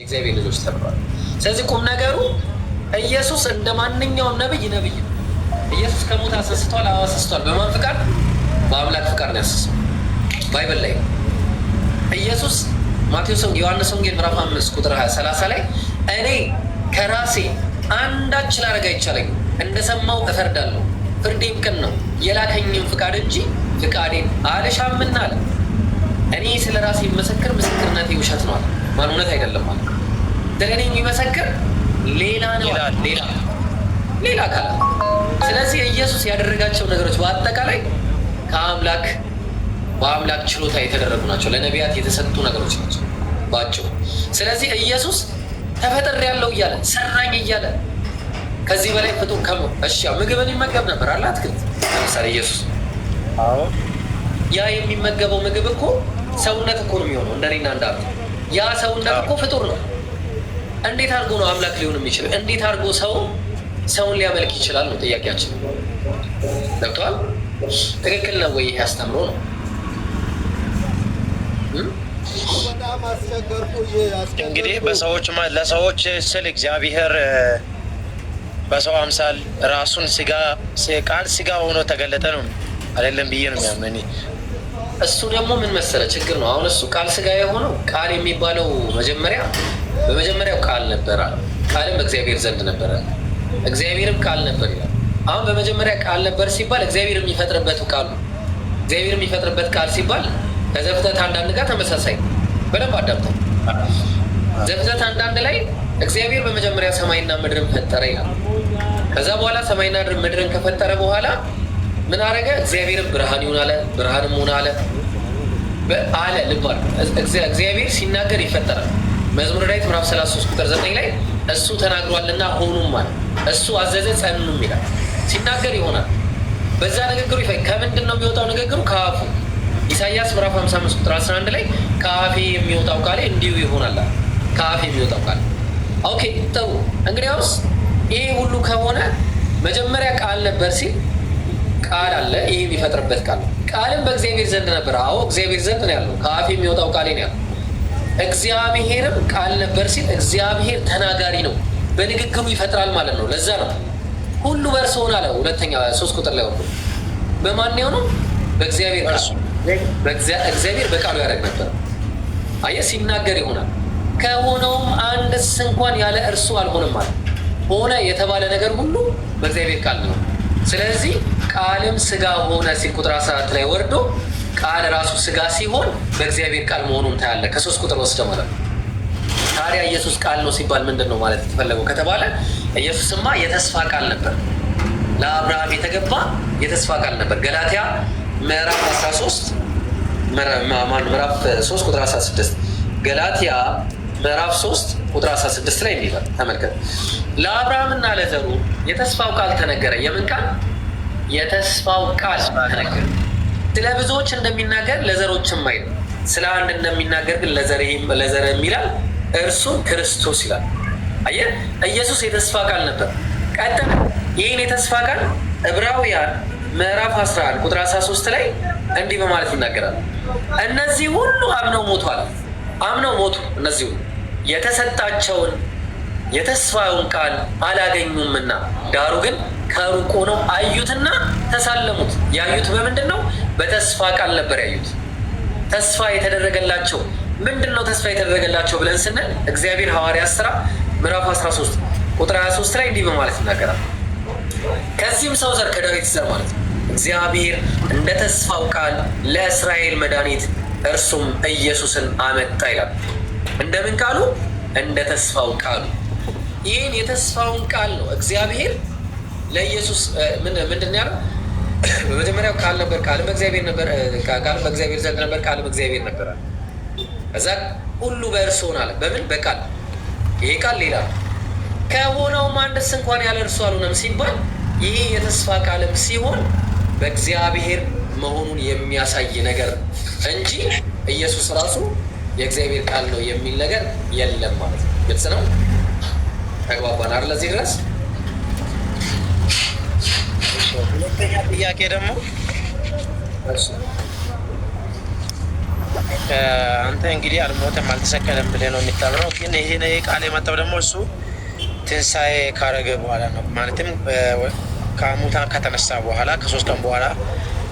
የእግዚአብሔር ልጆች ተብሏል። ስለዚህ ቁም ነገሩ ኢየሱስ እንደ ማንኛውም ነብይ ነብይ ነው። ኢየሱስ ከሞት አሰስቷል አሰስቷል። በማን ፍቃድ? በአምላክ ፍቃድ ነው ያስነሳው። ባይብል ላይ ኢየሱስ ማቴዎስ ዮሐንስ ወንጌል ምዕራፍ አምስት ቁጥር ሰላሳ ላይ እኔ ከራሴ አንዳች ላደርግ አይቻለኝም፣ እንደሰማው እፈርዳለሁ፣ ፍርዴም ቅን ነው፣ የላከኝም ፍቃድ እንጂ ፍቃዴን አልሻምና አለ። እኔ ስለ ራሴ መሰክር፣ ምስክርነቴ ውሸት ነው አለ። ማን እውነት አይደለም ማለት ስለ እኔ የሚመሰክር ሌላ ነው ሌላ ሌላ አካል። ስለዚህ ኢየሱስ ያደረጋቸው ነገሮች በአጠቃላይ ከአምላክ በአምላክ ችሎታ የተደረጉ ናቸው። ለነቢያት የተሰጡ ነገሮች ናቸው ባቸው። ስለዚህ ኢየሱስ ተፈጠር ያለው እያለ ሰራኝ እያለ ከዚህ በላይ ፍጡር ከሞ እሺ፣ ምግብን ይመገብ ነበር አለ አትክልት ለምሳሌ ኢየሱስ ያ የሚመገበው ምግብ እኮ ሰውነት እኮ ነው የሚሆነው እንደኔና እንዳንተ ያ ሰውነት እኮ ፍጡር ነው። እንዴት አድርጎ ነው አምላክ ሊሆን የሚችለው? እንዴት አድርጎ ሰው ሰውን ሊያመልክ ይችላል ነው ጥያቄያችን። ገብተዋል? ትክክል ነው ወይ? ያስተምሮ ነው። እንግዲህ በሰዎች ለሰዎች ስል እግዚአብሔር በሰው አምሳል ራሱን ስጋ ቃል ስጋ ሆኖ ተገለጠ ነው አይደለም ብዬ ነው የሚያምን እሱ ደግሞ ምን መሰለ ችግር ነው። አሁን እሱ ቃል ስጋ የሆነው ቃል የሚባለው መጀመሪያ በመጀመሪያው ቃል ነበረ፣ ቃልም በእግዚአብሔር ዘንድ ነበረ፣ እግዚአብሔርም ቃል ነበር ይላል። አሁን በመጀመሪያ ቃል ነበር ሲባል እግዚአብሔር የሚፈጥርበት ነው። እግዚአብሔር የሚፈጥርበት ቃል ሲባል ከዘፍጥረት አንዳንድ ጋር ተመሳሳይ። በደንብ አዳምጠው። ዘፍጥረት አንዳንድ ላይ እግዚአብሔር በመጀመሪያ ሰማይና ምድርን ፈጠረ ይላል። ከዛ በኋላ ሰማይና ምድርን ከፈጠረ በኋላ ምን አረገ? እግዚአብሔርም ብርሃን ይሁን አለ፣ ብርሃንም ሆነ አለ አለ ልባል እግዚአብሔር ሲናገር ይፈጠራል። መዝሙር ዳዊት ምዕራፍ 33 ቁጥር 9 ላይ እሱ ተናግሯልና ሆኑም አለ፣ እሱ አዘዘ ጸኑም ይላል። ሲናገር ይሆናል። በዛ ንግግሩ ይፈ ከምንድን ነው የሚወጣው ንግግሩ? ከአፉ ኢሳያስ ምዕራፍ 55 ቁጥር 11 ላይ ከአፌ የሚወጣው ቃሌ እንዲሁ ይሆናል። ከአፌ የሚወጣው ቃል ኦኬ። ጥሩ እንግዲያውስ ይሄ ሁሉ ከሆነ መጀመሪያ ቃል ነበር ሲል ቃል አለ። ይህ የሚፈጥርበት ቃል ቃልም በእግዚአብሔር ዘንድ ነበር። አዎ እግዚአብሔር ዘንድ ነው ያለው። ከአፍ የሚወጣው ቃል ነው ያለው። እግዚአብሔርም ቃል ነበር ሲል እግዚአብሔር ተናጋሪ ነው፣ በንግግሩ ይፈጥራል ማለት ነው። ለዛ ነው ሁሉ በእርሱ ሆነ አለ። ሁለተኛ ሶስት ቁጥር ላይ ወርዶ በማን በእግዚአብሔር እግዚአብሔር በቃሉ ያደረግ ነበር። አየ ሲናገር ይሆናል። ከሆነውም አንድስ እንኳን ያለ እርሱ አልሆነም ማለት ሆነ የተባለ ነገር ሁሉ በእግዚአብሔር ቃል ነው። ስለዚህ ቃልም ስጋ ሆነ ሲል ቁጥር አስራ አራት ላይ ወርዶ ቃል ራሱ ስጋ ሲሆን በእግዚአብሔር ቃል መሆኑን ታያለ። ከሶስት ቁጥር ወስደ ማለት ነው። ታዲያ ኢየሱስ ቃል ነው ሲባል ምንድን ነው ማለት የተፈለገው ከተባለ ኢየሱስማ የተስፋ ቃል ነበር፣ ለአብርሃም የተገባ የተስፋ ቃል ነበር። ገላትያ ምዕራፍ 13 ምዕራፍ 3 ቁጥር 16 ገላትያ ምዕራፍ 3 ቁጥር 16 ላይ እንዲላል ተመልከት። ለአብርሃምና ለዘሩ የተስፋው ቃል ተነገረ። የምን ቃል? የተስፋው ቃል ተነገረ። ስለ ብዙዎች እንደሚናገር ለዘሮችም አይል፣ ስለ አንድ እንደሚናገር ግን ለዘር የሚላል እርሱም ክርስቶስ ይላል። አየህ፣ ኢየሱስ የተስፋ ቃል ነበር። ቀጥታ ይህን የተስፋ ቃል ዕብራውያን ምዕራፍ 11 ቁጥር 13 ላይ እንዲህ በማለት ይናገራል። እነዚህ ሁሉ አምነው ሞቷል። አምነው ሞቱ እነዚህ ሁሉ የተሰጣቸውን የተስፋውን ቃል አላገኙምና፣ ዳሩ ግን ከሩቅ ሆነው አዩትና ተሳለሙት። ያዩት በምንድን ነው? በተስፋ ቃል ነበር ያዩት። ተስፋ የተደረገላቸው ምንድን ነው? ተስፋ የተደረገላቸው ብለን ስንል እግዚአብሔር ሐዋርያ ስራ ምዕራፍ 13 ቁጥር 23 ላይ እንዲህ በማለት ይናገራል። ከዚህም ሰው ዘር ከዳዊት ዘር ማለት ነው እግዚአብሔር እንደ ተስፋው ቃል ለእስራኤል መድኃኒት እርሱም ኢየሱስን አመጣ ይላል። እንደምን ቃሉ እንደ ተስፋው ቃሉ ይህን የተስፋውን ቃል ነው እግዚአብሔር ለኢየሱስ ምንድን ያለው? በመጀመሪያው ቃል ነበር፣ ቃልም እግዚአብሔር ነበር፣ ቃልም በእግዚአብሔር ዘንድ ነበር፣ ቃልም እግዚአብሔር ነበር አለ። እዛ ሁሉ በእርሱ ሆን አለ። በምን በቃል ይሄ ቃል ሌላ ነው። ከሆነውም አንድስ እንኳን ያለ እርሱ አልሆነም ሲባል ይህ የተስፋ ቃልም ሲሆን በእግዚአብሔር መሆኑን የሚያሳይ ነገር እንጂ ኢየሱስ ራሱ የእግዚአብሔር ቃል ነው የሚል ነገር የለም ማለት ነው። ግልጽ ነው። ተግባባን አይደል? ለዚህ ድረስ ሁለተኛ ጥያቄ ደግሞ አንተ እንግዲህ አልሞተም አልተሰቀለም ብለህ ነው የሚታምነው። ግን ይሄ ቃል የመጣው ደግሞ እሱ ትንሣኤ ካረገ በኋላ ነው። ማለትም ከሙታን ከተነሳ በኋላ ከሶስት ቀን በኋላ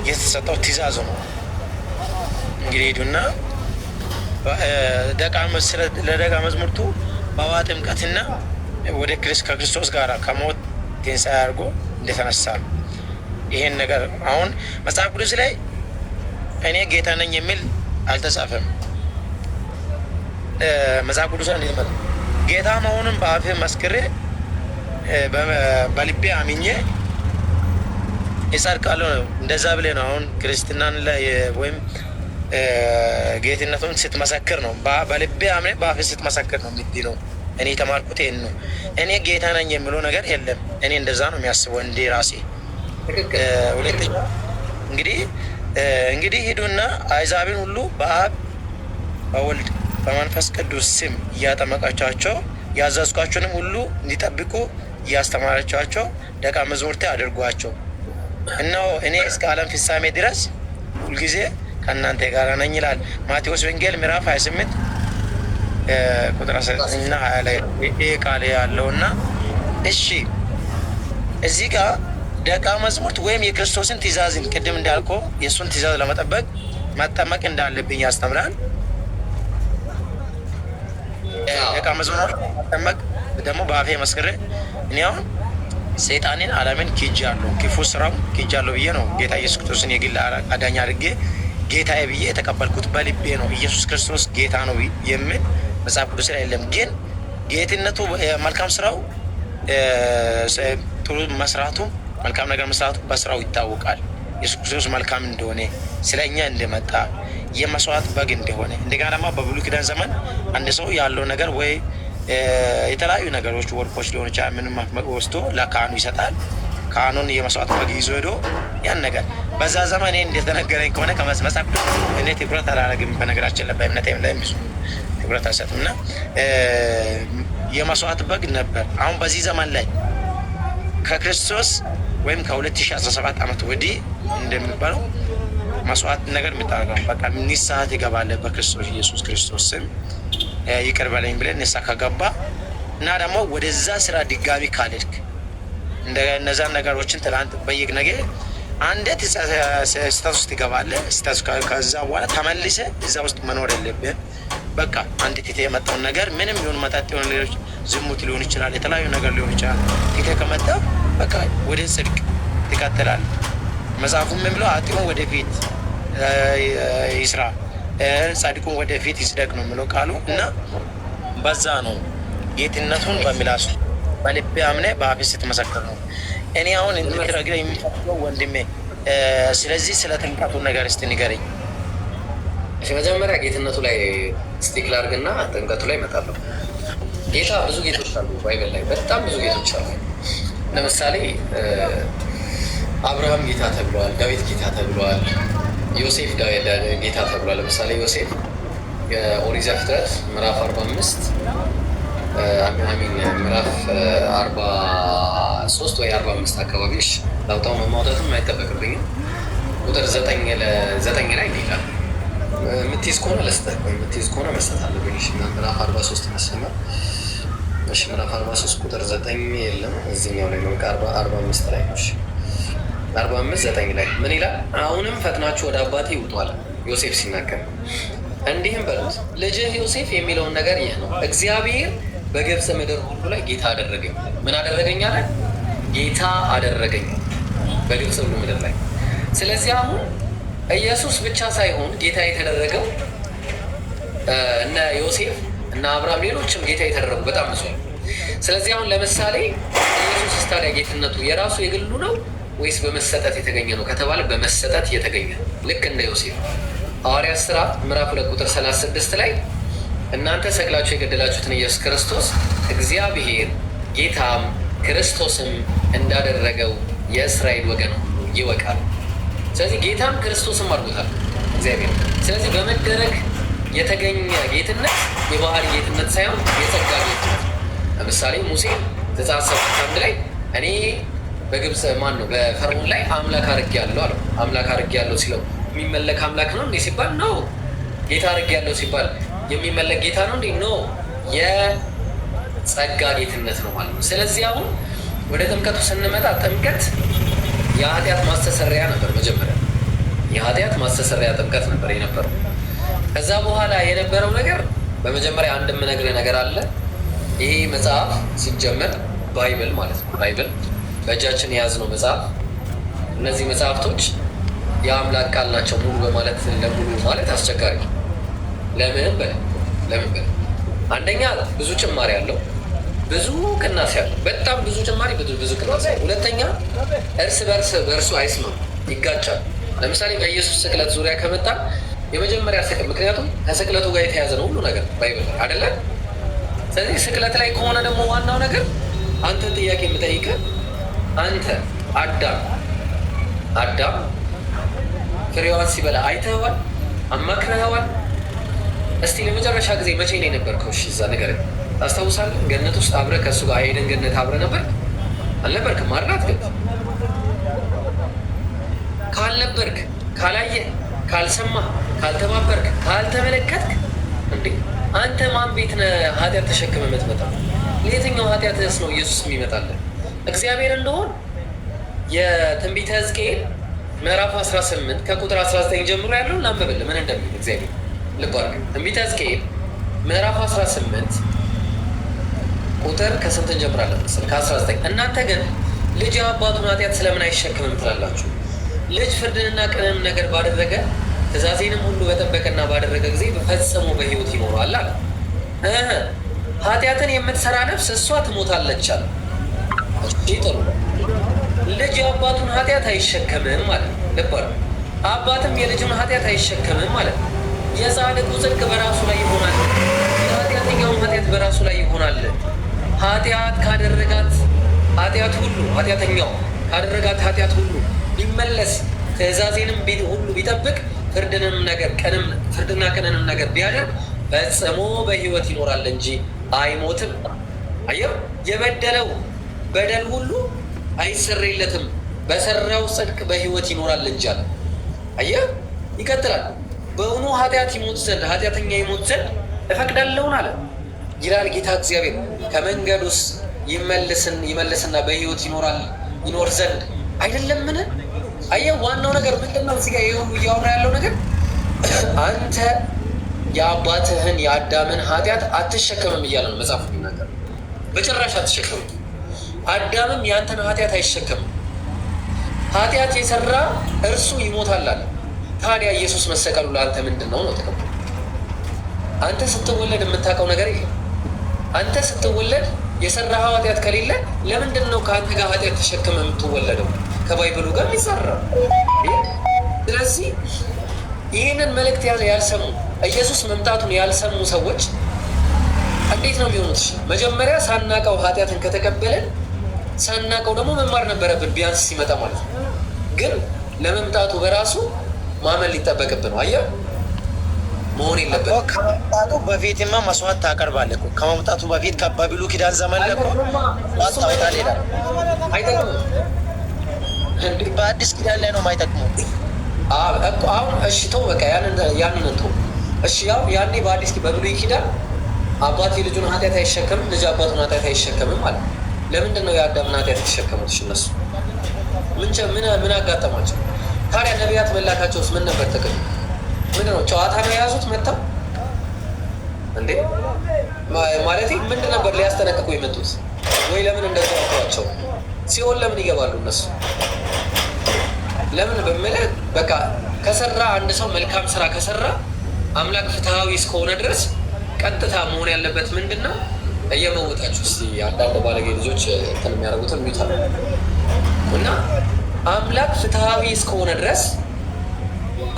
የተሰጠው ትእዛዝ ነው። እንግዲህ ሄዱና ለደቀ መዝሙርቱ በውሃ ጥምቀትና ወደ ከክርስቶስ ጋር ከሞት ትንሣኤ አድርጎ እንደተነሳ ነው። ይሄን ነገር አሁን መጽሐፍ ቅዱስ ላይ እኔ ጌታ ነኝ የሚል አልተጻፈም። መጽሐፍ ቅዱስ ላይ እንዲመጣ ጌታ መሆኑን በአፍ መስክሬ በልቤ አምኜ ይጸድቃለሁ ነው። እንደዛ ብሌ ነው አሁን ክርስትናን ላይ ወይም ጌትነቱን ስትመሰክር ነው። በልቤ አምኔ በአፍ ስትመሰክር ነው ነው። እኔ የተማርኩት ይህን ነው። እኔ ጌታ ነኝ የሚለው ነገር የለም። እኔ እንደዛ ነው የሚያስበው እንዴ ራሴ። ሁለተኛ እንግዲህ እንግዲህ ሂዱና አይዛብን ሁሉ በአብ በወልድ በመንፈስ ቅዱስ ስም እያጠመቃቸዋቸው ያዘዝኳቸውንም ሁሉ እንዲጠብቁ እያስተማረቻቸው ደቀ መዝሙርቴ አድርጓቸው። እነሆ እኔ እስከ ዓለም ፍጻሜ ድረስ ሁልጊዜ ከእናንተ ጋር ነኝ ይላል። ማቴዎስ ወንጌል ምዕራፍ 28 ቁጥር 19 እና 20 ላይ ይህ ቃል ያለው እና እሺ፣ እዚህ ጋር ደቀ መዝሙርት ወይም የክርስቶስን ትእዛዝን ቅድም እንዳልኮ የእሱን ትእዛዝ ለመጠበቅ መጠመቅ እንዳለብኝ ያስተምራል። ደቀ መዝሙር መጠመቅ ደግሞ በአፌ መስክሬ እኔ አሁን ሰይጣንን ዓለምን ክጃለሁ፣ ክፉ ስራው ክጃለሁ ብዬ ነው ጌታ ኢየሱስ ክርስቶስን የግል አዳኝ አድርጌ ጌታዬ ብዬ የተቀበልኩት በልቤ ነው። ኢየሱስ ክርስቶስ ጌታ ነው የሚል መጽሐፍ ቅዱስ ላይ የለም። ግን ጌትነቱ መልካም ስራው ጥሩ መስራቱ መልካም ነገር መስራቱ በስራው ይታወቃል። ኢየሱስ ክርስቶስ መልካም እንደሆነ ስለ እኛ እንደመጣ የመስዋዕት በግ እንደሆነ እንደገና ደግሞ በብሉ ኪዳን ዘመን አንድ ሰው ያለው ነገር ወይ የተለያዩ ነገሮች ወርቆች ሊሆን ይችላል ምንም ወስዶ ለካህኑ ይሰጣል። ካህኑን የመስዋዕት በግ ይዞ ሄዶ ያን ነገር በዛ ዘመን ይህ እንደተነገረኝ ከሆነ ከመስመሳ እኔ ትኩረት አላረግም። በነገራችን ላይ በእምነቴም ላይ ብዙ ትኩረት አልሰጥም እና የመስዋዕት በግ ነበር። አሁን በዚህ ዘመን ላይ ከክርስቶስ ወይም ከ2017 ዓመት ወዲህ እንደሚባለው መስዋዕት ነገር የምታደርገው በቃ ንስሐ ትገባለህ። በክርስቶስ ኢየሱስ ክርስቶስ ስም ይቅር በለኝ ብለን ንስሐ ከገባ እና ደግሞ ወደዛ ስራ ድጋሚ ካልሄድክ እነዛን ነገሮችን ትላንት በይቅ ነገ አንዴት ስህተት ውስጥ ይገባለ። ከዛ በኋላ ተመልሰ እዛ ውስጥ መኖር የለብን። በቃ አንድ ቴቴ የመጣውን ነገር ምንም ይሁን መጠጥ ሆን ሌሎች ዝሙት ሊሆን ይችላል፣ የተለያዩ ነገር ሊሆን ይችላል። ቴቴ ከመጣ በቃ ወደ ጽድቅ ትቀጥላል። መጽሐፉም የሚለው አጢሁን ወደፊት ይስራ ጻድቁን ወደፊት ይስደቅ ነው የሚለው ቃሉ እና በዛ ነው ጌትነቱን በሚላሱ በልቤ አምነ በአፍ ስትመሰክር ነው። እኔ አሁን እንድረግረ የሚፈው ወንድሜ፣ ስለዚህ ስለ ጥምቀቱ ነገር እስቲ ንገረኝ። መጀመሪያ ጌትነቱ ላይ ስቲክ ላድርግና ጥምቀቱ ላይ እመጣለሁ። ጌታ ብዙ ጌቶች አሉ፣ ባይበል ላይ በጣም ብዙ ጌቶች አሉ። ለምሳሌ አብርሃም ጌታ ተብሏል፣ ዳዊት ጌታ ተብሏል፣ ዮሴፍ ጌታ ተብሏል። ለምሳሌ ዮሴፍ የኦሪት ዘፍጥረት ምዕራፍ አርባ አምስት አሚን ምዕራፍ አርባ ሶስት ወይ አርባ አምስት አካባቢ ላውጣው ማውጣትም አይጠበቅብኝም። ቁጥር ዘጠኝ ላይ ይላል የምትይዝ ከሆነ ለስጠህ የምትይዝ ከሆነ መስጠት አለብኝ። ምዕራፍ አርባ ሶስት ይመስለኛል። እሺ ምዕራፍ አርባ ቁጥር ዘጠኝ የለም እዚህኛው ላይ ነው። አርባ ላይ ነው። አርባ አምስት ላይ ምን ይላል? አሁንም ፈጥናችሁ ወደ አባቴ ይውጧል። ዮሴፍ ሲናገር እንዲህም በሉት ልጅህ ዮሴፍ የሚለውን ነገር ይህ ነው እግዚአብሔር በገብሰ ምድር ሁሉ ላይ ጌታ አደረገኝ። ምን አደረገኝ አለ? ጌታ አደረገኝ በገብሰ ሁሉ ምድር ላይ። ስለዚህ አሁን ኢየሱስ ብቻ ሳይሆን ጌታ የተደረገው እነ ዮሴፍ እና አብርሃም፣ ሌሎችም ጌታ የተደረጉ በጣም ብዙ። ስለዚህ አሁን ለምሳሌ ኢየሱስ ታዲያ ጌትነቱ የራሱ የግሉ ነው ወይስ በመሰጠት የተገኘ ነው ከተባለ በመሰጠት የተገኘ ነው። ልክ እንደ ዮሴፍ ሐዋርያት ስራ ምዕራፍ ሁለት ቁጥር 36 ላይ እናንተ ሰቅላችሁ የገደላችሁትን ኢየሱስ ክርስቶስ እግዚአብሔር ጌታም ክርስቶስም እንዳደረገው የእስራኤል ወገን ይወቃል። ስለዚህ ጌታም ክርስቶስም አድርጎታል እግዚአብሔር። ስለዚህ በመደረግ የተገኘ ጌትነት የባህሪ ጌትነት ሳይሆን የጸጋ ጌትነት። ለምሳሌ ሙሴ ዘጸአት ሰባት አንድ ላይ እኔ በግብፅ ማን ነው በፈርዖን ላይ አምላክ አድርጌ ያለው አለው። አምላክ አድርጌ ያለው ሲለው የሚመለክ አምላክ ነው እንዴ ሲባል ነው ጌታ አድርጌ ያለው ሲባል የሚመለክ ጌታ ነው እንዲህ ኖ የጸጋ ጌትነት ነው ማለት ነው። ስለዚህ አሁን ወደ ጥምቀቱ ስንመጣ ጥምቀት የኃጢአት ማስተሰሪያ ነበር። መጀመሪያ የኃጢአት ማስተሰሪያ ጥምቀት ነበር የነበረው። ከዛ በኋላ የነበረው ነገር በመጀመሪያ አንድ የምነግርህ ነገር አለ። ይሄ መጽሐፍ ሲጀመር ባይብል ማለት ነው። ባይብል በእጃችን የያዝነው መጽሐፍ፣ እነዚህ መጽሐፍቶች የአምላክ ቃል ናቸው ሙሉ በማለት ለሙሉ ማለት አስቸጋሪ ነው። ለምን በለ ለምን በለ አንደኛ ብዙ ጭማሪ አለው፣ ብዙ ቅናሴ አለው። በጣም ብዙ ጭማሪ፣ ብዙ ቅናሴ ሁለተኛ እርስ በርስ በእርሱ አይስማም፣ ይጋጫል። ለምሳሌ በኢየሱስ ስቅለት ዙሪያ ከመጣ የመጀመሪያ ስቅል ምክንያቱም ከስቅለቱ ጋር የተያዘ ነው ሁሉ ነገር ባይበል አደለ። ስለዚህ ስቅለት ላይ ከሆነ ደግሞ ዋናው ነገር አንተ ጥያቄ የምጠይቀ አንተ አዳም አዳም ፍሬዋን ሲበላ አይተኸዋል? አማክረኸዋል? እስቲ ለመጨረሻ ጊዜ መቼ ላይ ነበርከው? እሺ እዛ ነገር ታስታውሳለህ? ገነት ውስጥ አብረ ከእሱ ጋር ሄደን ገነት አብረ ነበር አልነበርክ? ማርናት ግን ካልነበርክ፣ ካላየ፣ ካልሰማ፣ ካልተባበርክ፣ ካልተመለከትክ እንዴ አንተ ማን ቤት ነህ? ኃጢአት ተሸክመህ የምትመጣ ለየትኛው ኃጢአትስ ነው ኢየሱስ የሚመጣለን? እግዚአብሔር እንደሆን የትንቢተ ሕዝቅኤል ምዕራፍ 18 ከቁጥር 19 ጀምሮ ያለውን ላንብብልህ ምን እንደሚል እግዚአብሔር ልብ ትንቢተ ሕዝቅኤል ምዕራፍ 18 ቁጥር ከስንት እንጀምራለን? ምስል ከ19 እናንተ ግን ልጅ አባቱን ኃጢአት ስለምን አይሸክምም ትላላችሁ? ልጅ ፍርድንና ቅንንም ነገር ባደረገ ትእዛዜንም ሁሉ በጠበቀና ባደረገ ጊዜ ፈጽሞ በህይወት ይኖራል አለ። ኃጢአትን የምትሰራ ነፍስ እሷ ትሞታለች አለ። እሺ ጥሩ ልጅ የአባቱን ኃጢአት አይሸከምም ማለት ነው። አባትም የልጁን ኃጢአት አይሸከምም ማለት ነው። የጻድቁ ጽድቅ በራሱ ላይ ይሆናል፣ የኃጢአተኛውም ኃጢአት በራሱ ላይ ይሆናል። ኃጢአት ካደረጋት ኃጢአት ሁሉ ኃጢአተኛው ካደረጋት ኃጢአት ሁሉ ቢመለስ ትእዛዜንም ሁሉ ቢጠብቅ ፍርድንም ነገር ቀንም ፍርድና ቀንንም ነገር ቢያደርግ ፈጽሞ በሕይወት ይኖራል እንጂ አይሞትም። አየው የበደለው በደል ሁሉ አይሰረይለትም፣ በሰራው ጽድቅ በሕይወት ይኖራል እንጂ አለ። ይቀጥላል። በእውኑ ኃጢአት ይሞት ዘንድ ኃጢአተኛ ይሞት ዘንድ እፈቅዳለሁን አለ ይላል ጌታ እግዚአብሔር። ከመንገዱስ ይመልስን ይመልስና በህይወት ይኖራል ይኖር ዘንድ አይደለምን? አየህ፣ ዋናው ነገር ምንድን ነው? እዚህ ጋ እያወራ ያለው ነገር አንተ የአባትህን የአዳምን ኃጢአት አትሸከምም እያለ ነው መጽሐፍ የሚናገር። በጭራሽ አትሸከምም። አዳምም ያንተን ኃጢአት አይሸከምም። ኃጢአት የሰራ እርሱ ይሞታል አለ። ታዲያ ኢየሱስ መሰቀሉ ለአንተ ምንድን ነው ነው ጥቅም? አንተ ስትወለድ የምታውቀው ነገር የለም። አንተ ስትወለድ የሰራ ኃጢአት ከሌለ ለምንድን ነው ከአንተ ጋር ኃጢአት ተሸክመ የምትወለደው? ከባይብሉ ጋር ይሰራ። ስለዚህ ይህንን መልእክት ያልሰሙ ኢየሱስ መምጣቱን ያልሰሙ ሰዎች እንዴት ነው የሚሆኑት? መጀመሪያ ሳናቀው ኃጢአትን ከተቀበለን ሳናቀው ደግሞ መማር ነበረብን፣ ቢያንስ ሲመጣ ማለት ነው። ግን ለመምጣቱ በራሱ ማመን ሊጠበቅብህ ነው። አየህ መሆን የለበትም። ከመምጣቱ በፊትማ መስዋዕት ታቀርባለህ እኮ ከመምጣቱ በፊት በብሉይ ኪዳን ዘመን ለ ታወጣለህ ይላል። አይጠቅምም። በአዲስ ኪዳን ላይ ነው የማይጠቅመው። አሁን እሺ ተው በቃ ያንን ተው እሺ። ያው ያኔ በአዲስ በብሉይ ኪዳን አባት የልጁን ኃጢአት አይሸከምም፣ ልጅ አባቱን ኃጢአት አይሸከምም አለ። ለምንድን ነው የአዳምን ኃጢአት የተሸከሙት? እነሱ ምን ምን አጋጠማቸው? ታዲያ ነቢያት መላካቸውስ ምን ነበር ጥቅም? ምንድን ነው ጨዋታ ነው የያዙት? መጥተው እንዴ ማለት ምንድ ነበር ሊያስጠነቅቁ የመጡት? ወይ ለምን እንደዛ ሲሆን ለምን ይገባሉ እነሱ? ለምን በምልህ በቃ ከሰራ አንድ ሰው መልካም ስራ ከሰራ አምላክ ፍትሐዊ እስከሆነ ድረስ ቀጥታ መሆን ያለበት ምንድን ነው? እየመወጣችሁ እስኪ አንዳንድ ባለጌ ልጆች እንትን የሚያደርጉትን ሚታ እና አምላክ ፍትሐዊ እስከሆነ ድረስ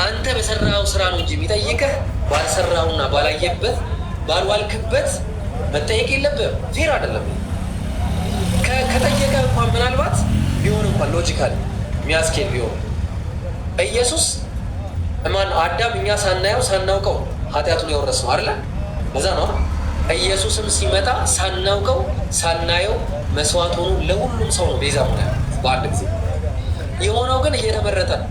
አንተ በሰራው ስራ ነው እንጂ የሚጠይቅህ ባልሰራውና ባላየበት ባልዋልክበት መጠየቅ የለብህም። ፌር አይደለም። ከጠየቀ እንኳን ምናልባት ቢሆን እንኳን ሎጂካል የሚያስኬድ ቢሆን ኢየሱስ ማን አዳም እኛ ሳናየው ሳናውቀው ኃጢአቱን የወረስነው አይደለ? በዛ ነው ኢየሱስም ሲመጣ ሳናውቀው ሳናየው መስዋዕት ሆኑ ለሁሉም ሰው ነው ቤዛ ሆነ በአንድ ጊዜ የሆነው ግን እየተመረጠ ነው።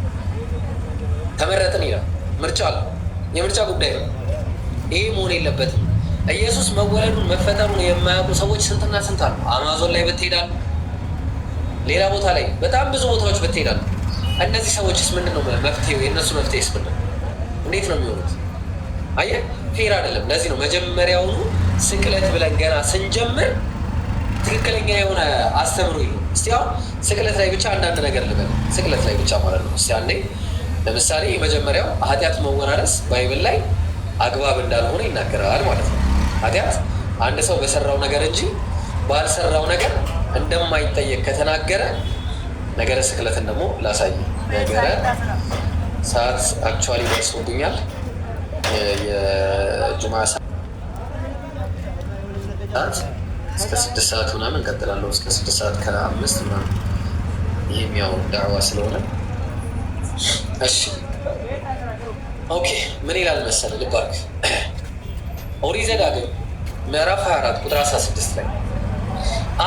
ተመረጥን ይላል። ምርጫ አለ። የምርጫ ጉዳይ ነው። ይሄ መሆን የለበትም። ኢየሱስ መወለዱን መፈጠሩን የማያውቁ ሰዎች ስንትና ስንት አሉ። አማዞን ላይ ብትሄዳል፣ ሌላ ቦታ ላይ በጣም ብዙ ቦታዎች ብትሄዳሉ። እነዚህ ሰዎችስ ምንድን ነው መፍትሄው? የእነሱ መፍትሄስ ምንድን ነው? እንዴት ነው የሚሆኑት? አየህ፣ ፌር አይደለም። ለዚህ ነው መጀመሪያውኑ ስቅለት ብለን ገና ስንጀምር ትክክለኛ የሆነ አስተምሮ እስቲ አሁን ስቅለት ላይ ብቻ አንዳንድ ነገር ልበል። ስቅለት ላይ ብቻ ማለት ነው። እስቲ አንዴ ለምሳሌ የመጀመሪያው ኃጢአት መወራረስ ባይብል ላይ አግባብ እንዳልሆነ ይናገራል ማለት ነው። ኃጢአት አንድ ሰው በሰራው ነገር እንጂ ባልሰራው ነገር እንደማይጠየቅ ከተናገረ ነገረ ስቅለትን ደግሞ ላሳይ። ነገረ ሰዓት አክቹዋሊ ደርሶብኛል። የጁማ ሰዓት እስከ ስድስት ሰዓት ምናምን እንቀጥላለሁ። እስከ ስድስት ሰዓት ከአምስት ምናምን ይህም ያው ዳዕዋ ስለሆነ እሺ፣ ኦኬ። ምን ይላል መሰለህ ልባርክ ኦሪት ዘዳግም ምዕራፍ 24 ቁጥር 16 ላይ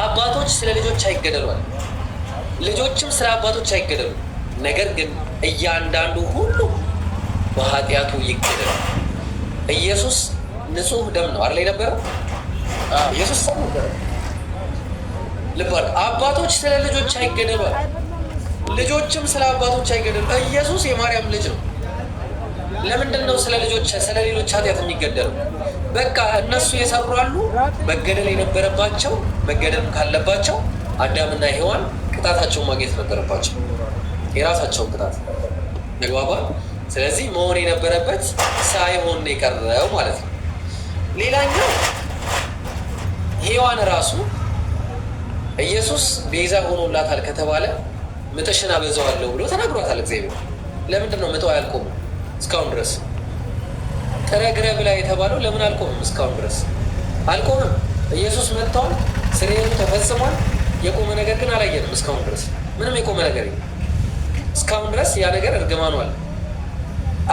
አባቶች ስለ ልጆች አይገደሏል፣ ልጆችም ስለ አባቶች አይገደሉ፣ ነገር ግን እያንዳንዱ ሁሉ በኃጢአቱ ይገደላል። ኢየሱስ ንጹህ ደም ነው አይደል የነበረው ሰው ልባል አባቶች ስለ ልጆች አይገደባል፣ ልጆችም ስለ አባቶች አይገደሉ። ኢየሱስ የማርያም ልጅ ነው። ለምንድን ነው ስለ ልጆች ስለ ሌሎች ኃጢአት የሚገደሉ? በቃ እነሱ የሰብሯሉ? መገደል የነበረባቸው መገደል ካለባቸው አዳምና ሔዋን ቅጣታቸውን ማግኘት ነበረባቸው፣ የራሳቸውን ቅጣት መግባባ። ስለዚህ መሆን የነበረበት ሳይሆን የቀረው ማለት ነው። ሌላኛው ሔዋን ራሱ ኢየሱስ ቤዛ ሆኖላታል ከተባለ ምጥሽን አበዛዋለሁ ብሎ ተናግሯታል እግዚአብሔር። ለምንድን ነው ምጠው አያልቆሙ እስካሁን ድረስ? ጥረግረ ብላ የተባለው ለምን አልቆምም እስካሁን ድረስ? አልቆምም። ኢየሱስ መጥተዋል፣ ስርየቱ ተፈጽሟል። የቆመ ነገር ግን አላየንም እስካሁን ድረስ። ምንም የቆመ ነገር እስካሁን ድረስ ያ ነገር እርግማኗል።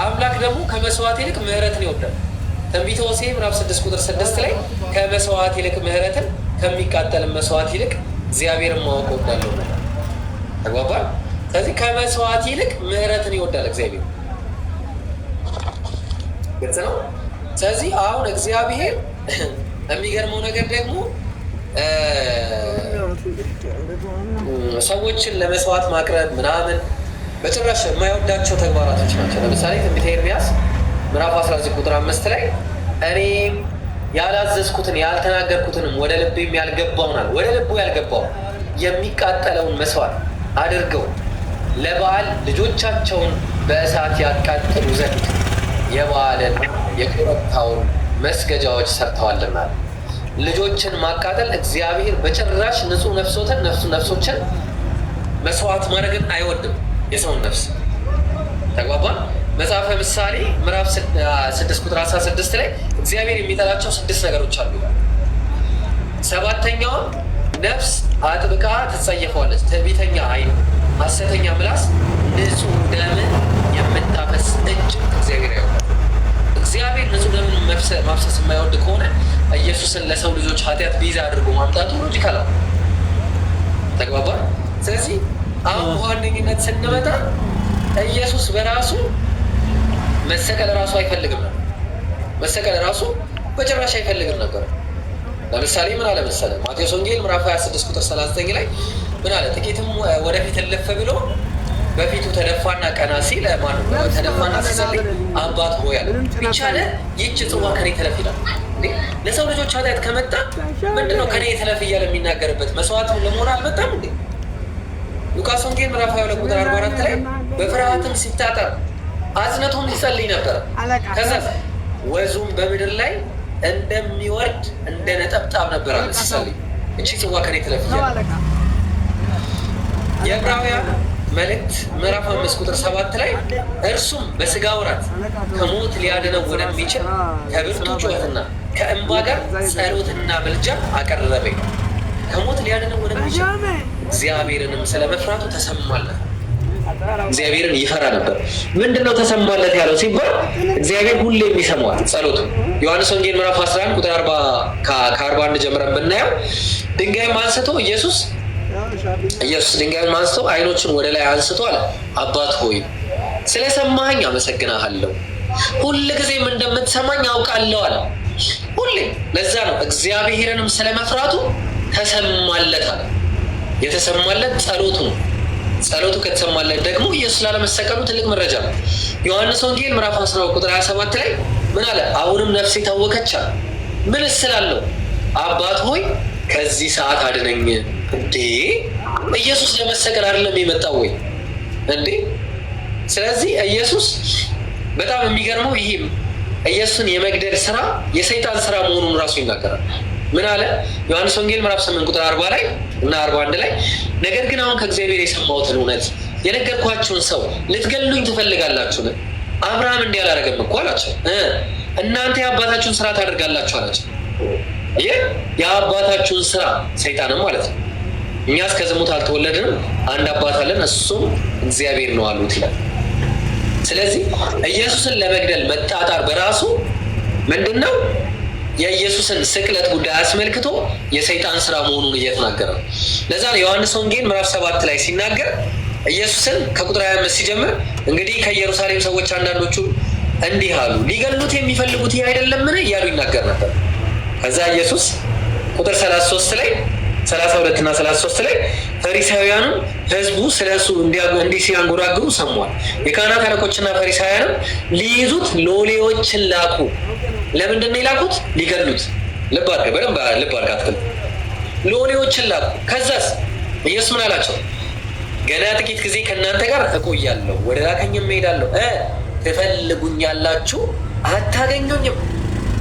አምላክ ደግሞ ከመስዋዕት ይልቅ ምህረትን ይወዳል። ትንቢተ ሆሴዕ ምዕራፍ ስድስት ቁጥር ስድስት ላይ ከመስዋዕት ይልቅ ምህረትን ከሚቃጠል መስዋዕት ይልቅ እግዚአብሔርን ማወቅ ወዳለ ተግባባል። ስለዚህ ከመስዋዕት ይልቅ ምህረትን ይወዳል እግዚአብሔር። ግልጽ ነው። ስለዚህ አሁን እግዚአብሔር የሚገርመው ነገር ደግሞ ሰዎችን ለመስዋዕት ማቅረብ ምናምን በጭራሽ የማይወዳቸው ተግባራቶች ናቸው። ለምሳሌ ትንቢተ ኤርሚያስ ምዕራፍ 19 ቁጥር አምስት ላይ እኔም ያላዘዝኩትን ያልተናገርኩትንም ወደ ልቤም ያልገባውናል ወደ ልቡ ያልገባው የሚቃጠለውን መስዋዕት አድርገው ለበዓል ልጆቻቸውን በእሳት ያቃጥሉ ዘንድ የበዓልን የኮረብታውን መስገጃዎች ሰርተዋልና ልጆችን ማቃጠል እግዚአብሔር በጭራሽ ንጹህ ነፍሶትን ነፍሶችን መስዋዕት ማድረግን አይወድም። የሰውን ነፍስ ተግባባል። መጽሐፈ ምሳሌ ምዕራፍ ስድስት ቁጥር አስራ ስድስት ላይ እግዚአብሔር የሚጠላቸው ስድስት ነገሮች አሉ ይላል። ሰባተኛውን ነፍስ አጥብቃ ትጸየፈዋለች። ትዕቢተኛ ዓይን፣ ሐሰተኛ ምላስ፣ ንጹህ ደምን የምታፈስ እጅ እግዚአብሔር ያውቃል። እግዚአብሔር ንጹህ ደምን ማፍሰስ የማይወድ ከሆነ ኢየሱስን ለሰው ልጆች ኃጢአት ቤዛ አድርጎ ማምጣቱ ሎጂካል ነው። ተግባባል። ስለዚህ አሁን በዋነኝነት ስንመጣ ኢየሱስ በራሱ መሰቀል ራሱ አይፈልግም ነበር። መሰቀል ራሱ በጭራሽ አይፈልግም ነበር። ለምሳሌ ምን አለ መሰለ ማቴዎስ ወንጌል ምዕራፍ 26 ቁጥር 39 ላይ ምን አለ? ጥቂትም ወደፊት እልፍ ብሎ በፊቱ ተደፋና ቀና ሲል ማለት ተደፋና ሲል አባት ሆይ አለ ቢቻለ ይህች ጽዋ ከኔ ተለፍ ይላል። ለሰው ልጆች ኃጢአት ከመጣ ምንድን ነው ከኔ የተለፍ እያለ የሚናገርበት መስዋዕት ለመሆን አልመጣም እንዴ? ሉቃስ ወንጌል ምዕራፍ 22 ቁጥር 44 ላይ በፍርሃትም ሲታጠር አጽንቶም ይጸልይ ነበር። ከዛ ወዙም በምድር ላይ እንደሚወርድ እንደ ነጠብጣብ ነበር አለ ሲጸልይ። እቺ ጽዋ ከኔ ትለፍ። የዕብራውያን መልእክት ምዕራፍ አምስት ቁጥር ሰባት ላይ እርሱም በስጋ ወራት ከሞት ሊያድነው ወደሚችል ከብርቱ ጩኸትና ከእንባ ጋር ጸሎትና ምልጃ አቀረበ። ከሞት ሊያድነው ወደሚችል እግዚአብሔርንም ስለ መፍራቱ ተሰማለት። እግዚአብሔርን ይፈራ ነበር። ምንድነው ተሰማለት ያለው ሲባል እግዚአብሔር ሁሌ ይሰማዋል ጸሎቱ። ዮሐንስ ወንጌል ምዕራፍ 11 ቁጥር ከአርባ አንድ ጀምረን ብናየው ድንጋይም አንስቶ ኢየሱስ ኢየሱስ ድንጋዩን አንስቶ ዓይኖቹን ወደ ላይ አንስቶ አለ አባት ሆይ ስለሰማኸኝ አመሰግናሃለሁ፣ ሁል ጊዜም እንደምትሰማኝ አውቃለሁ አለ። ሁሌ ለዛ ነው እግዚአብሔርንም ስለመፍራቱ ተሰማለት አለ። የተሰማለት ጸሎቱ ነው። ጸሎቱ ከተሰማለት ደግሞ ኢየሱስ ላለመሰቀሉ ትልቅ መረጃ ነው። ዮሐንስ ወንጌል ምዕራፍ 12 ቁጥር 27 ላይ ምን አለ? አሁንም ነፍሴ ታወከች አለ። ምን ስላለው አባት ሆይ ከዚህ ሰዓት አድነኝ። እንዴ ኢየሱስ ለመሰቀል አይደለም የመጣው ወይ እንዴ? ስለዚህ ኢየሱስ በጣም የሚገርመው ይሄም ኢየሱስን የመግደል ስራ የሰይጣን ስራ መሆኑን ራሱ ይናገራል። ምን አለ? ዮሐንስ ወንጌል ምዕራፍ 8 ቁጥር 40 ላይ እና አርባ አንድ ላይ ነገር ግን አሁን ከእግዚአብሔር የሰማሁትን እውነት የነገርኳችሁን ሰው ልትገሉኝ ትፈልጋላችሁን? አብርሃም እንዲህ አላደረገም እኮ አላቸው። እናንተ የአባታችሁን ስራ ታደርጋላችሁ አላቸው። ይህ የአባታችሁን ስራ ሰይጣንም ማለት ነው። እኛስ ዝሙት አልተወለድንም፣ አንድ አባት አለን እሱም እግዚአብሔር ነው አሉት ይላል። ስለዚህ ኢየሱስን ለመግደል መጣጣር በራሱ ምንድን ነው? የኢየሱስን ስቅለት ጉዳይ አስመልክቶ የሰይጣን ስራ መሆኑን እየተናገረ ነው። ለዛ ዮሐንስ ወንጌል ምዕራፍ ሰባት ላይ ሲናገር ኢየሱስን ከቁጥር አምስት ሲጀምር እንግዲህ ከኢየሩሳሌም ሰዎች አንዳንዶቹ እንዲህ አሉ፣ ሊገሉት የሚፈልጉት ይህ አይደለምን እያሉ ይናገር ነበር። ከዛ ኢየሱስ ቁጥር ሶስት ላይ ሰላሳ ሁለት እና ሶስት ላይ ፈሪሳውያንም ህዝቡ ስለ እሱ እንዲህ ሲያንጎራግሩ ሰሟል። የካህናት አለቆችና ፈሪሳውያንም ሊይዙት ሎሌዎችን ላኩ። ለምንድን ነው የላኩት? ሊገሉት። ልብ አድርገህ በደንብ ልብ አድርገህ ሎሌዎችን ላኩ። ከዛስ ኢየሱስ ምን አላቸው? ገና ጥቂት ጊዜ ከእናንተ ጋር እቆያለሁ፣ ወደ ላከኝም እሄዳለሁ። ትፈልጉኛላችሁ፣ አታገኙኝም፣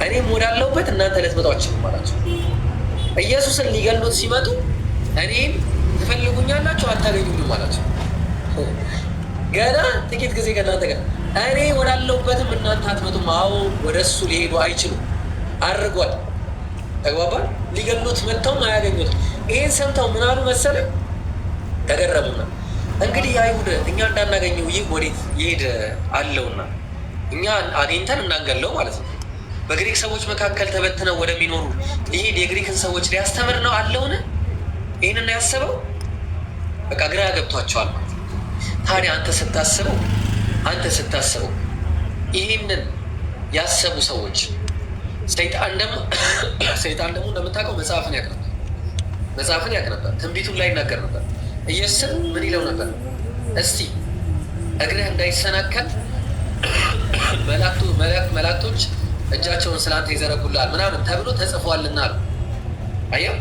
እኔም ወዳለሁበት እናንተ ልትመጡ አትችሉም አላቸው። ኢየሱስን ሊገሉት ሲመጡ እኔም ትፈልጉኛላችሁ አታገኙኝም አላቸው። ገና ጥቂት ጊዜ ከእናንተ ጋር እኔ ወዳለሁበትም እናንተ አትመጡም። አዎ ወደ እሱ ሊሄዱ አይችሉም። አድርጓል። ተግባባል። ሊገሉት መጥተውም አያገኙትም። ይህን ሰምተው ምናሉ መሰለ ተገረሙና እንግዲህ አይሁድ እኛ እንዳናገኘው ይህ ወዴት ይሄድ አለውና እኛ አግኝተን እናንገለው ማለት ነው። በግሪክ ሰዎች መካከል ተበትነው ወደሚኖሩ ይሄድ የግሪክን ሰዎች ሊያስተምር ነው አለውን? ይህንን ያሰበው በቃ ግራ ገብቷቸዋል ማለት ነው። ታዲያ አንተ ስታስበው አንተ ስታስበው ይህንን ያሰቡ ሰዎች ሰይጣን ደግሞ ሰይጣን ደግሞ እንደምታውቀው መጽሐፍን ያቅርባል መጽሐፍን ያቅርባል ትንቢቱን ላይ ይናገር ነበር። ኢየሱስም ምን ይለው ነበር? እስቲ እግርህ እንዳይሰናከል መላእክቶች እጃቸውን ስለአንተ ይዘረጉላል ይዘረጉልሃል ምናምን ተብሎ ተጽፏልና አሉ። አየው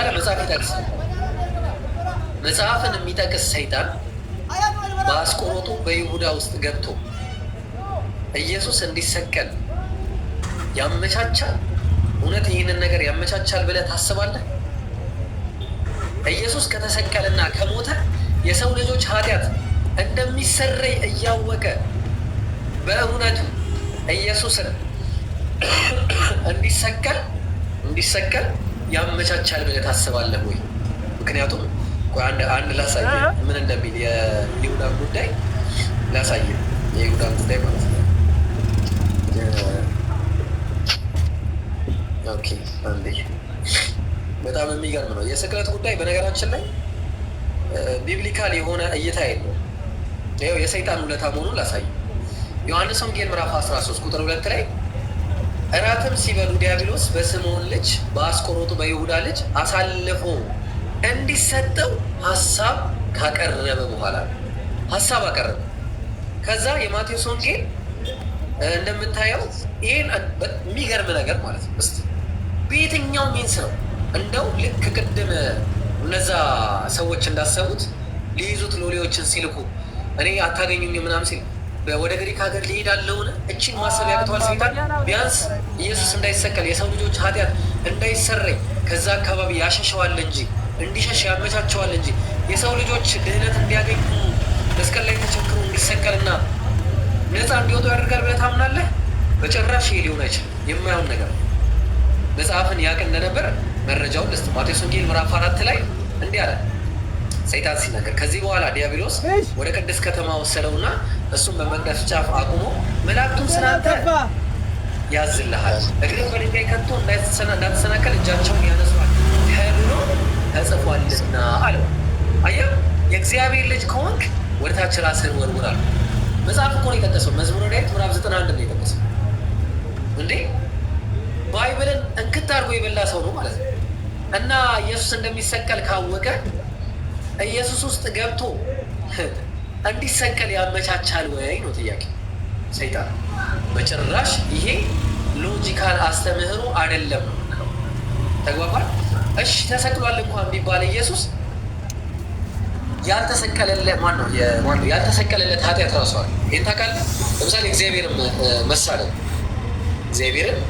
እያለ መጽሐፍ ይጠቅስ መጽሐፍን የሚጠቅስ ሰይጣን በአስቆሮቱ በይሁዳ ውስጥ ገብቶ ኢየሱስ እንዲሰቀል ያመቻቻል። እውነት ይህንን ነገር ያመቻቻል ብለህ ታስባለህ? ኢየሱስ ከተሰቀለና ከሞተ የሰው ልጆች ኃጢአት እንደሚሰረይ እያወቀ በእውነቱ ኢየሱስን እንዲሰቀል እንዲሰቀል ያመቻቻል ብለህ ታስባለህ ወይ? ምክንያቱም አንድ ላሳየ ምን እንደሚል የይሁዳን ጉዳይ ላሳየ የይሁዳን ጉዳይ ማለት ነው። አንዴ በጣም የሚገርም ነው የስቅለት ጉዳይ። በነገራችን ላይ ቢብሊካል የሆነ እይታ የለው። ይኸው የሰይጣን ውለታ መሆኑን ላሳየ ዮሐንስ ወንጌል ምዕራፍ 13 ቁጥር ሁለት ላይ እራትም ሲበሉ ዲያብሎስ በስምዖን ልጅ በአስቆሮቱ በይሁዳ ልጅ አሳልፎ እንዲሰጠው ሀሳብ ካቀረበ በኋላ ሀሳብ አቀረበ። ከዛ የማቴዎስ ወንጌል እንደምታየው ይህን የሚገርም ነገር ማለት ነው። ስ በየትኛው ሚንስ ነው እንደው ልክ ቅድም እነዛ ሰዎች እንዳሰቡት ሊይዙት ሎሌዎችን ሲልኩ እኔ አታገኙኝ ምናምን ሲል ወደ ግሪክ ሀገር ሊሄዳለውን እችን ማሰብ ያቅተዋል ሴታ ቢያንስ ኢየሱስ እንዳይሰቀል የሰው ልጆች ኃጢአት እንዳይሰረይ ከዛ አካባቢ ያሸሸዋል እንጂ እንዲሸሽ ያመቻቸዋል እንጂ የሰው ልጆች ድህነት እንዲያገኙ መስቀል ላይ ተቸክሮ እንዲሰቀልና ነፃ እንዲወጡ ያደርጋል ብለህ ታምናለህ? በጭራሽ ይሄ ሊሆን አይችልም። የማይሆን ነገር መጽሐፍን ያቅ እንደነበር መረጃውን ልስጥ። ማቴዎስ ወንጌል ምዕራፍ አራት ላይ እንዲህ አለ ሰይጣን ሲናገር ከዚህ በኋላ ዲያብሎስ ወደ ቅድስት ከተማ ወሰደውና እሱን በመቅደስ ጫፍ አቁሞ መላእክቱም ስናንተ ያዝልሃል። እግር በድንጋይ ከቶ እንዳትሰናከል እጃቸውን ያነሷል ተብሎ ተጽፏልና አለ። አየህ የእግዚአብሔር ልጅ ከሆንክ ወደታች ራስህን ወርውር አለ። መጽሐፍ እኮ ነው የጠቀሰው። መዝሙረ ዳዊት ምዕራፍ ዘጠና አንድ ነው የጠቀሰው። እንዴ ባይብልን እንክት አድርጎ የበላ ሰው ነው ማለት ነው። እና ኢየሱስ እንደሚሰቀል ካወቀ ኢየሱስ ውስጥ ገብቶ እንዲሰቀል ያመቻቻል ወይ ነው ጥያቄ ሰይጣን በጭራሽ ይሄ ሎጂካል አስተምህሮ አይደለም። ተግባባል? እሺ ተሰቅሏል እንኳን የሚባል ኢየሱስ ያልተሰቀለለት ማን ነው? ያልተሰቀለለት ኃጢአት ራሷል። ይህን ታውቃለህ? ለምሳሌ እግዚአብሔርን መሳደብ እግዚአብሔርን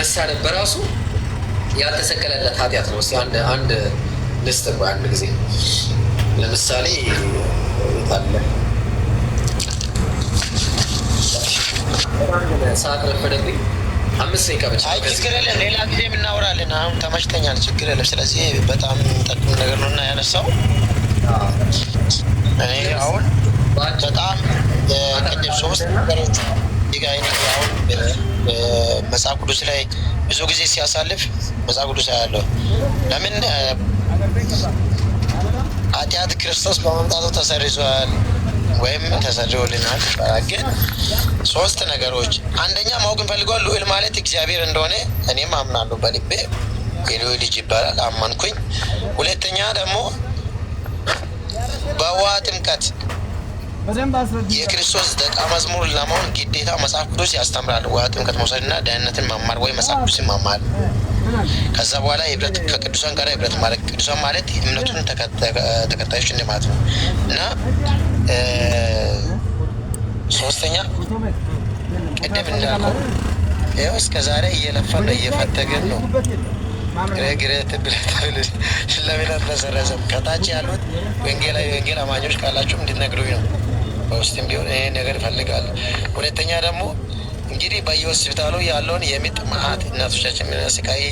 መሳደብ በራሱ ያልተሰቀለለት ኃጢአት ነው። እስኪ አንድ አንድ ልስጥ አንድ ጊዜ ለምሳሌ ታለ ሰዓት ረፈደብኝ። አምስት ደቂቃ ብቻ። አይ ችግር የለም፣ ሌላ ጊዜ የምናወራለን። አሁን ተመችተኛል፣ ችግር የለም። ስለዚህ በጣም ጠቅም ነገር ነው እና ያነሳው እኔ አሁን በጣም ቅድም ሶስት ነገሮች አሁን መጽሐፍ ቅዱስ ላይ ብዙ ጊዜ ሲያሳልፍ መጽሐፍ ቅዱስ ያለው ለምን ኃጢአት ክርስቶስ በመምጣቱ ተሰርዟል ወይም ተሰድሮልናል ይባላል። ግን ሶስት ነገሮች አንደኛ ማወቅ እንፈልገዋል። ልዑል ማለት እግዚአብሔር እንደሆነ እኔም አምናለሁ በልቤ የልዑል ልጅ ይባላል አመንኩኝ። ሁለተኛ ደግሞ በውሃ ጥምቀት የክርስቶስ ደቀ መዝሙር ለመሆን ግዴታ መጽሐፍ ቅዱስ ያስተምራል። ውሃ ጥምቀት መውሰድና ደህንነትን መማር ወይ መጽሐፍ ቅዱስን መማር ከዛ በኋላ ህብረት ከቅዱሳን ጋር ህብረት ማለት ቅዱሳን ማለት እምነቱን ተከታዮች እንደማለት ነው እና ሶስተኛ ቅድም እንዳልኩ ያው እስከ ዛሬ እየለፋን ነው እየፈተግን ነው። ግረት ብለታል ሽለሜላ ተሰረዘም ከታች ያሉት ወንጌላዊ ወንጌል አማኞች ካላችሁም እንድነግሩኝ ነው። በውስጥም ቢሆን ይሄ ነገር ይፈልጋል። ሁለተኛ ደግሞ እንግዲህ በየሆስፒታሉ ያለውን የምጥ መዓት እናቶቻችን ስቃይ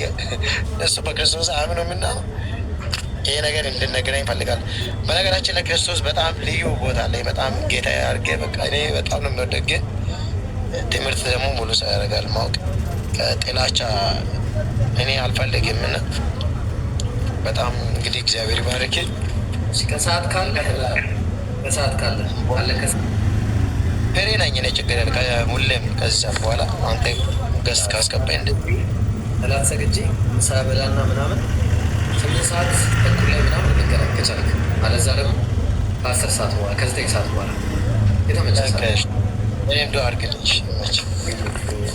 እነሱ በክርስቶስ አያምኑምና ይሄ ነገር እንድነገረኝ ይፈልጋል። በነገራችን ለክርስቶስ በጣም ልዩ ቦታ ላይ በጣም ጌታ አድርጌ በቃ እኔ በጣም ነው የሚወደግ። ትምህርት ደግሞ ሙሉ ሰው ያደርጋል ማወቅ ከጥላቻ እኔ አልፈልግም እና በጣም እንግዲህ እግዚአብሔር ይባርክ። ከሰዓት ካለ ከሰዓት ካለ ፔሬ ነኝ እኔ ችግር ሙሌም ከዚያ በኋላ አንተ ገስት ካስገባኝ እንደ ሰግጄ ምሳ በላና ምናምን ስምንት ሰዓት ተኩል ላይ ምናምን እንገናኝ ከቻልክ፣ አለዛ ደግሞ ከአስር ሰዓት በኋላ ከዘጠኝ ሰዓት በኋላ የተመቸ እኔም ዶ አድርግልሽ መች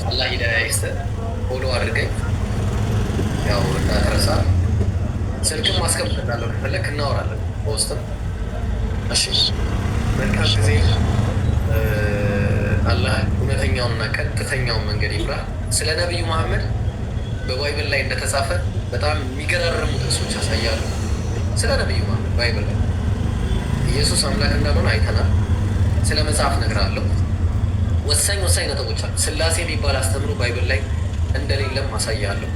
አላ ሂዳ ሆሎ አድርገኝ። ያው እንዳትረሳ ስልክም ማስቀምጥላለሁ ከፈለክ እናወራለን በውስጥም። እሺ መልካም ጊዜ። አላህ እውነተኛውንና ቀጥተኛውን መንገድ ይምራ። ስለ ነቢዩ መሐመድ በባይብል ላይ እንደተጻፈ በጣም የሚገራረሙ ጥቅሶች ያሳያሉ። ስለ ነቢዩ ባይብል ኢየሱስ አምላክ እንዳልሆነ አይተናል። ስለ መጽሐፍ ነገር አለው ወሳኝ ወሳኝ ነጥቦች አሉ። ስላሴ የሚባል አስተምሮ ባይብል ላይ እንደሌለም አሳያለሁ።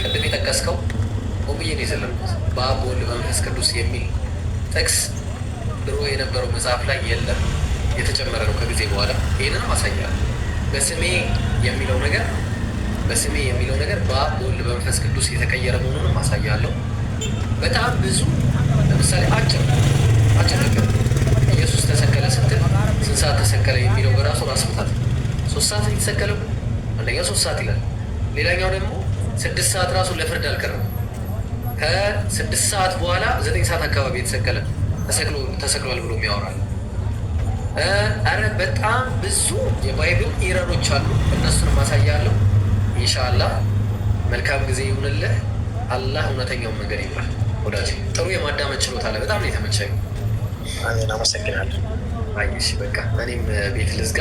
ቅድም የጠቀስከው ኦብዬን የዘለም በአብ በመንፈስ ቅዱስ የሚል ጥቅስ ድሮ የነበረው መጽሐፍ ላይ የለም፣ የተጨመረ ነው ከጊዜ በኋላ። ይህንንም አሳያለሁ። በስሜ የሚለው ነገር በስሜ የሚለው ነገር በአብ በወልድ በመንፈስ ቅዱስ የተቀየረ መሆኑንም አሳያለሁ። በጣም ብዙ ለምሳሌ አጭር አጭር ነገር ኢየሱስ ተሰቀለ ስትል ስንት ሰዓት ተሰቀለ የሚለው በራሱ ራስ ምታት ሶስት ሰዓት የተሰቀለው አንደኛው ሶስት ሰዓት ይላል። ሌላኛው ደግሞ ስድስት ሰዓት ራሱ ለፍርድ አልቀረም። ከስድስት ሰዓት በኋላ ዘጠኝ ሰዓት አካባቢ የተሰቀለ ተሰቅሏል ብሎ የሚያወራል። አረ በጣም ብዙ የባይብል ኢረሮች አሉ። እነሱን ማሳያለሁ። ኢንሻአላህ መልካም ጊዜ ይሁንልህ። አላህ እውነተኛውን መንገድ ይምራል። ወዳጅ ጥሩ የማዳመጥ ችሎታ አለ። በጣም ነው የተመቸኝ። አሜን፣ አመሰግናለሁ። አይሽ በቃ እኔም ቤት ልዝጋ።